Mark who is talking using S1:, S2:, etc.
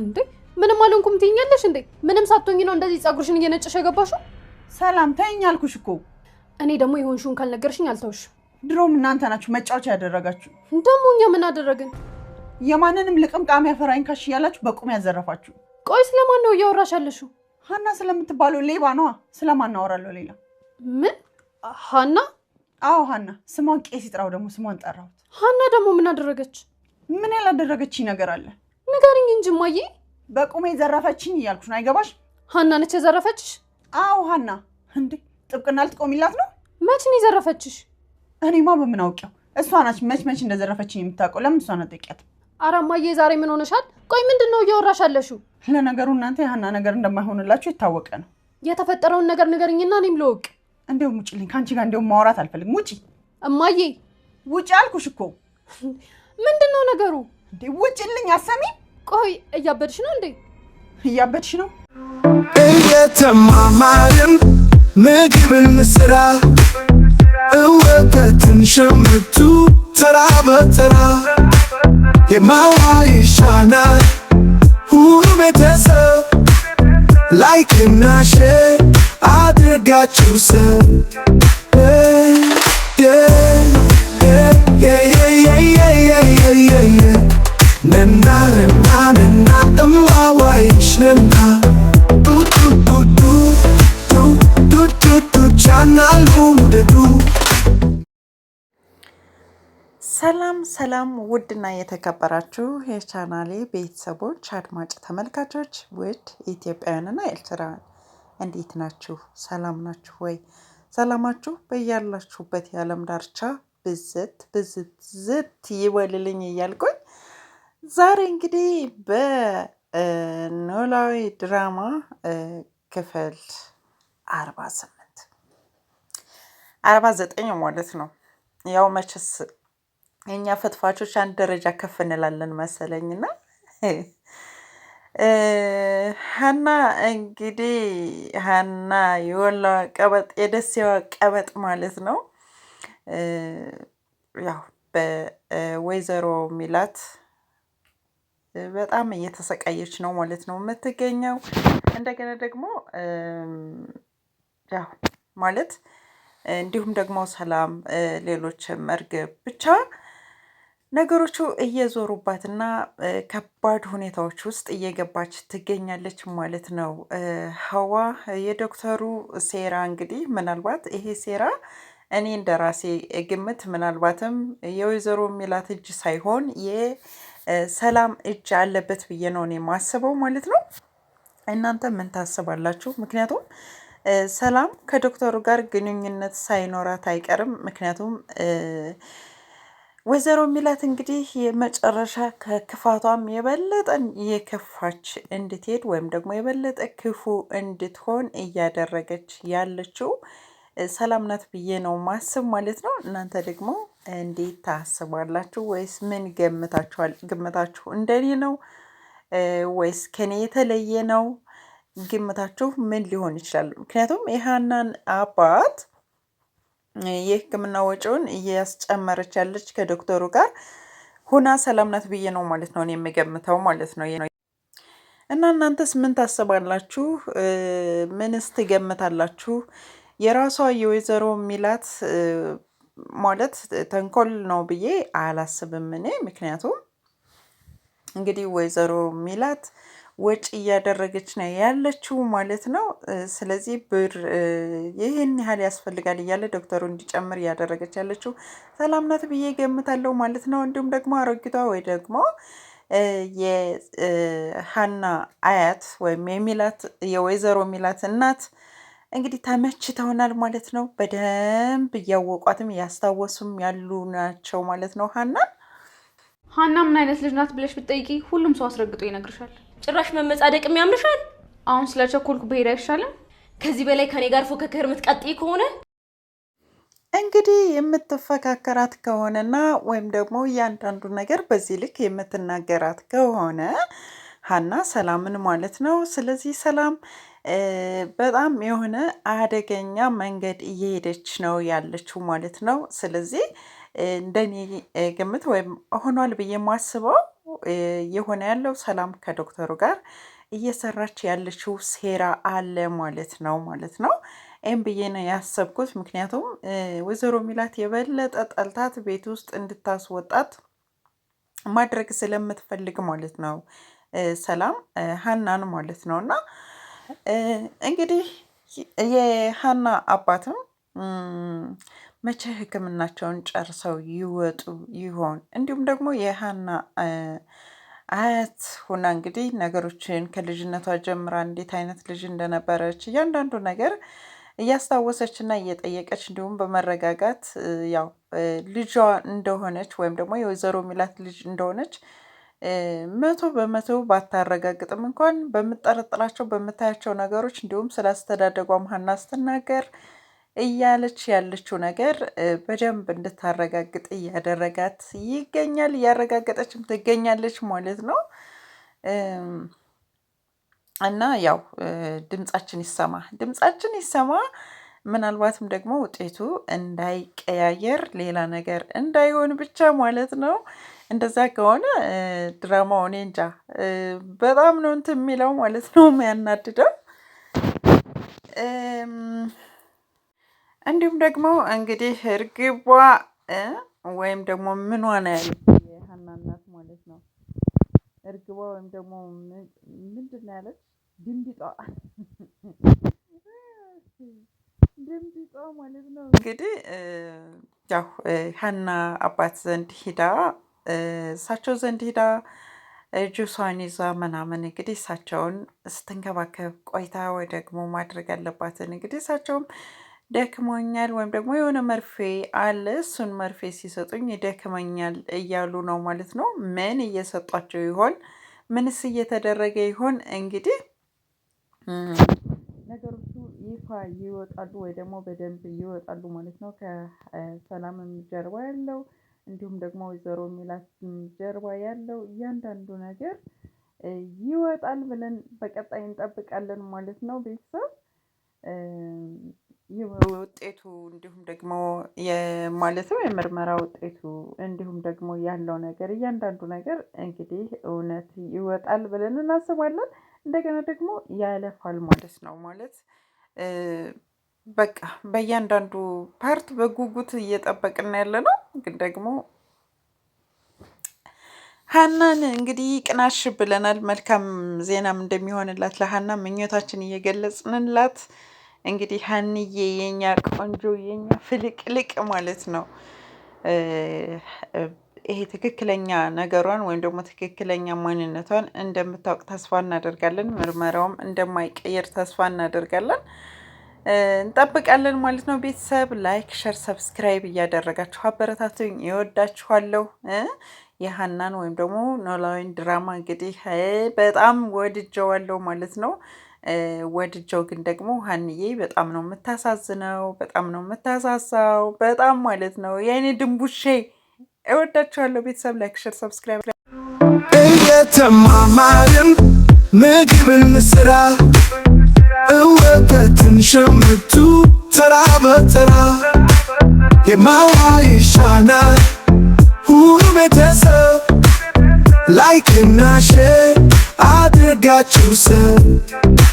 S1: እንዴ ምንም አልሆንኩም ትይኛለሽ እንዴ? ምንም ሳትሆኝ ነው እንደዚህ ፀጉርሽን እየነጨሽ የገባሽው?
S2: ሰላም ተይኝ አልኩሽ እኮ።
S1: እኔ ደግሞ የሆንሽውን ካልነገርሽኝ አልተውሽ
S2: ድሮም እናንተ ናችሁ መጫወቻ ያደረጋችሁ።
S1: ደግሞ እኛ ምን አደረግን?
S2: የማንንም ቃሚ ያፈራኝ ካሽ እያላችሁ በቁም ያዘረፋችሁ።
S1: ቆይ ስለማን ነው እያወራሽ ያለሽው?
S2: ሀና ስለምትባለው ሌባ ነዋ። ስለማን አወራለሁ? ሌላ
S1: ምን ሀና?
S2: አዎ ሀና። ስሟን ቄስ ይጥራው ደግሞ ስሟን ጠራሁት።
S1: ሀና ደግሞ ምን አደረገች?
S2: ምን ያላደረገች ነገር አለ?
S1: ንገሪኝ እንጂ እማዬ።
S2: በቁሜ ዘረፈችኝ እያልኩሽ ነው አይገባሽ?
S1: ሀና ነች የዘረፈችሽ?
S2: አዎ ሀና። እንዴ ጥብቅና ልትቆሚላት ነው?
S1: መች ነው የዘረፈችሽ?
S2: እኔማ በምን አውቂያው? እሷ ናች መች መች እንደዘረፈችኝ የምታውቀው። ለምን እሷን አትጠይቂያትም?
S1: ኧረ እማዬ ዛሬ ምን ሆነሻል? ቆይ ምንድን ነው እያወራሽ ያለሽው?
S2: ለነገሩ እናንተ የሀና ነገር እንደማይሆንላችሁ የታወቀ ነው።
S1: የተፈጠረውን ነገር ንገርኝና እኔም ልወቅ።
S2: እንደውም ውጭልኝ፣ ከአንቺ ጋር እንደውም ማውራት አልፈልግም። ውጪ እማዬ። ውጪ አልኩሽ እኮ።
S1: ምንድን ነው ነገሩ?
S2: ውጭልኝ፣ አሰሚ
S1: ቆይ እያበድሽ ነው እንዴ?
S2: እያበድሽ ነው። እየተማማርን ምግብን ስራ እወተትን ሸምቱ ተራ በተራ የማዋ ይሻናል ሁሉ ቤተሰብ ላይክ እና ሼር አድርጋችሁ ሰብ ሰላም ውድና የተከበራችሁ የቻናሌ ቤተሰቦች አድማጭ ተመልካቾች፣ ውድ ኢትዮጵያውያንና ኤርትራውያን እንዴት ናችሁ? ሰላም ናችሁ ወይ? ሰላማችሁ በያላችሁበት የዓለም ዳርቻ ብዝት ብዝት ዝት ይበልልኝ እያልኩኝ ዛሬ እንግዲህ በኖላዊ ድራማ ክፍል አርባ ስምንት አርባ ዘጠኝ ማለት ነው ያው መቼስ እኛ ፈትፋቾች አንድ ደረጃ ከፍ እንላለን መሰለኝ እና ሀና እንግዲህ ሀና የወላ ቀበጥ የደሴዋ ቀበጥ ማለት ነው። ያው በወይዘሮ ሚላት በጣም እየተሰቃየች ነው ማለት ነው የምትገኘው። እንደገና ደግሞ ያው ማለት እንዲሁም ደግሞ ሰላም ሌሎችም እርግብ ብቻ ነገሮቹ እየዞሩባትና ከባድ ሁኔታዎች ውስጥ እየገባች ትገኛለች ማለት ነው። ሀዋ የዶክተሩ ሴራ እንግዲህ ምናልባት ይሄ ሴራ እኔ እንደ ራሴ ግምት ምናልባትም የወይዘሮ ሚላት እጅ ሳይሆን የሰላም እጅ አለበት ብዬ ነው እኔ የማስበው ማለት ነው። እናንተ ምን ታስባላችሁ? ምክንያቱም ሰላም ከዶክተሩ ጋር ግንኙነት ሳይኖራት አይቀርም። ምክንያቱም ወይዘሮ ሚላት እንግዲህ የመጨረሻ ከክፋቷም የበለጠን የከፋች እንድትሄድ ወይም ደግሞ የበለጠ ክፉ እንድትሆን እያደረገች ያለችው ሰላም ናት ብዬ ነው ማስብ ማለት ነው። እናንተ ደግሞ እንዴት ታስባላችሁ? ወይስ ምን ገምታችኋል? ግምታችሁ እንደኔ ነው ወይስ ከኔ የተለየ ነው? ግምታችሁ ምን ሊሆን ይችላል? ምክንያቱም የሀናን አባት ህክምና ወጪውን እያስጨመረች ያለች ከዶክተሩ ጋር ሁና ሰላም ናት ብዬ ነው ማለት ነው የሚገምተው ማለት ነው። እና እናንተስ ምን ታስባላችሁ? ምንስ ትገምታላችሁ? የራሷ የወይዘሮ ሚላት ማለት ተንኮል ነው ብዬ አላስብም እኔ። ምክንያቱም እንግዲህ ወይዘሮ ሚላት ወጪ እያደረገች ነው ያለችው ማለት ነው። ስለዚህ ብር ይህን ያህል ያስፈልጋል እያለ ዶክተሩ እንዲጨምር እያደረገች ያለችው ሰላም ናት ብዬ ገምታለሁ ማለት ነው። እንዲሁም ደግሞ አሮጊቷ ወይ ደግሞ የሀና አያት ወይም የሚላት የወይዘሮ ሚላት እናት እንግዲህ ተመችተውናል ማለት ነው። በደንብ እያወቋትም እያስታወሱም ያሉ ናቸው ማለት ነው። ሀና
S1: ሀና ምን አይነት ልጅ ናት ብለሽ ብትጠይቂ ሁሉም ሰው አስረግጦ ይነግርሻል። ጭራሽ መመጻደቅ የሚያምርሻል። አሁን ስለ ቸኮልኩ ብሄድ አይሻልም? ከዚህ በላይ ከኔ ጋር ፉክክር የምትቀጥይ ከሆነ
S2: እንግዲህ የምትፈካከራት ከሆነና ወይም ደግሞ እያንዳንዱ ነገር በዚህ ልክ የምትናገራት ከሆነ ሀና ሰላምን ማለት ነው። ስለዚህ ሰላም በጣም የሆነ አደገኛ መንገድ እየሄደች ነው ያለችው ማለት ነው። ስለዚህ እንደኔ ግምት ወይም ሆኗል ብዬ የማስበው የሆነ ያለው ሰላም ከዶክተሩ ጋር እየሰራች ያለችው ሴራ አለ ማለት ነው ማለት ነው። ይህም ብዬ ነው ያሰብኩት። ምክንያቱም ወይዘሮ ሚላት የበለጠ ጠልታት ቤት ውስጥ እንድታስወጣት ማድረግ ስለምትፈልግ ማለት ነው። ሰላም ሀናን ማለት ነው። እና እንግዲህ የሀና አባትም መቼ ህክምናቸውን ጨርሰው ይወጡ ይሆን? እንዲሁም ደግሞ የሀና አያት ሁና እንግዲህ ነገሮችን ከልጅነቷ ጀምራ እንዴት አይነት ልጅ እንደነበረች እያንዳንዱ ነገር እያስታወሰች እና እየጠየቀች እንዲሁም በመረጋጋት ያው ልጇ እንደሆነች ወይም ደግሞ የወይዘሮ ሚላት ልጅ እንደሆነች መቶ በመቶ ባታረጋግጥም እንኳን በምጠረጥራቸው በምታያቸው ነገሮች እንዲሁም ስለ አስተዳደጓም ሀና ስትናገር እያለች ያለችው ነገር በደንብ እንድታረጋግጥ እያደረጋት ይገኛል። እያረጋገጠችም ትገኛለች ማለት ነው። እና ያው ድምጻችን ይሰማ ድምጻችን ይሰማ ምናልባትም ደግሞ ውጤቱ እንዳይቀያየር ሌላ ነገር እንዳይሆን ብቻ ማለት ነው። እንደዛ ከሆነ ድራማው እኔ እንጃ በጣም ነው እንትን የሚለው ማለት ነው የሚያናድደው። እንዲሁም ደግሞ እንግዲህ እርግቧ ወይም ደግሞ ምኗ ነው ያለችው የሀና እናት ማለት ነው። እርግቧ ወይም ደግሞ ምንድን ነው ያለች ድንቢጧ ድንቢጧ ማለት ነው እንግዲህ ያው ሀና አባት ዘንድ ሂዳ እሳቸው ዘንድ ሂዳ ጁሷን ይዛ ምናምን እንግዲህ እሳቸውን ስትንከባከብ ቆይታ ወይ ደግሞ ማድረግ ያለባትን እንግዲህ እሳቸውም ደክሞኛል ወይም ደግሞ የሆነ መርፌ አለ እሱን መርፌ ሲሰጡኝ ደክመኛል እያሉ ነው ማለት ነው። ምን እየሰጧቸው ይሆን? ምንስ እየተደረገ ይሆን? እንግዲህ ነገሮቹ ይፋ ይወጣሉ ወይ ደግሞ በደንብ ይወጣሉ ማለት ነው። ከሰላምም ጀርባ ያለው እንዲሁም ደግሞ ወይዘሮ ሚላትም ጀርባ ያለው እያንዳንዱ ነገር ይወጣል ብለን በቀጣይ እንጠብቃለን ማለት ነው ቤተሰብ ውጤቱ እንዲሁም ደግሞ ማለትም የምርመራ ውጤቱ እንዲሁም ደግሞ ያለው ነገር እያንዳንዱ ነገር እንግዲህ እውነት ይወጣል ብለን እናስባለን እንደገና ደግሞ ያለፋል ማለት ነው። ማለት በቃ በእያንዳንዱ ፓርት በጉጉት እየጠበቅን ነው። ግን ደግሞ ሀናን እንግዲህ ቅናሽ ብለናል። መልካም ዜናም እንደሚሆንላት ለሀና ምኞታችን እየገለጽንላት እንግዲህ ሀንዬ የኛ ቆንጆ የኛ ፍልቅልቅ ማለት ነው። ይሄ ትክክለኛ ነገሯን ወይም ደግሞ ትክክለኛ ማንነቷን እንደምታውቅ ተስፋ እናደርጋለን። ምርመራውም እንደማይቀየር ተስፋ እናደርጋለን እንጠብቃለን ማለት ነው። ቤተሰብ ላይክ፣ ሸር፣ ሰብስክራይብ እያደረጋችሁ አበረታቱኝ። ይወዳችኋለሁ። የሀናን ወይም ደግሞ ኖላዊን ድራማ እንግዲህ በጣም ወድጀዋለሁ ማለት ነው። ወድጀው ግን ደግሞ ሀንዬ በጣም ነው የምታሳዝነው፣ በጣም ነው የምታሳሳው፣ በጣም ማለት ነው የእኔ ድንቡሼ። እወዳችኋለሁ ቤተሰብ። ላይክ፣ ሸር፣ ሰብስክራይብ። እየተማማርን ምግብን ስራ እወተትን ሸምቱ ተራ በተራ የማዋ ይሻናል ሁሉ ቤተሰብ ላይክና ሼር አድርጋችሁ ሰብ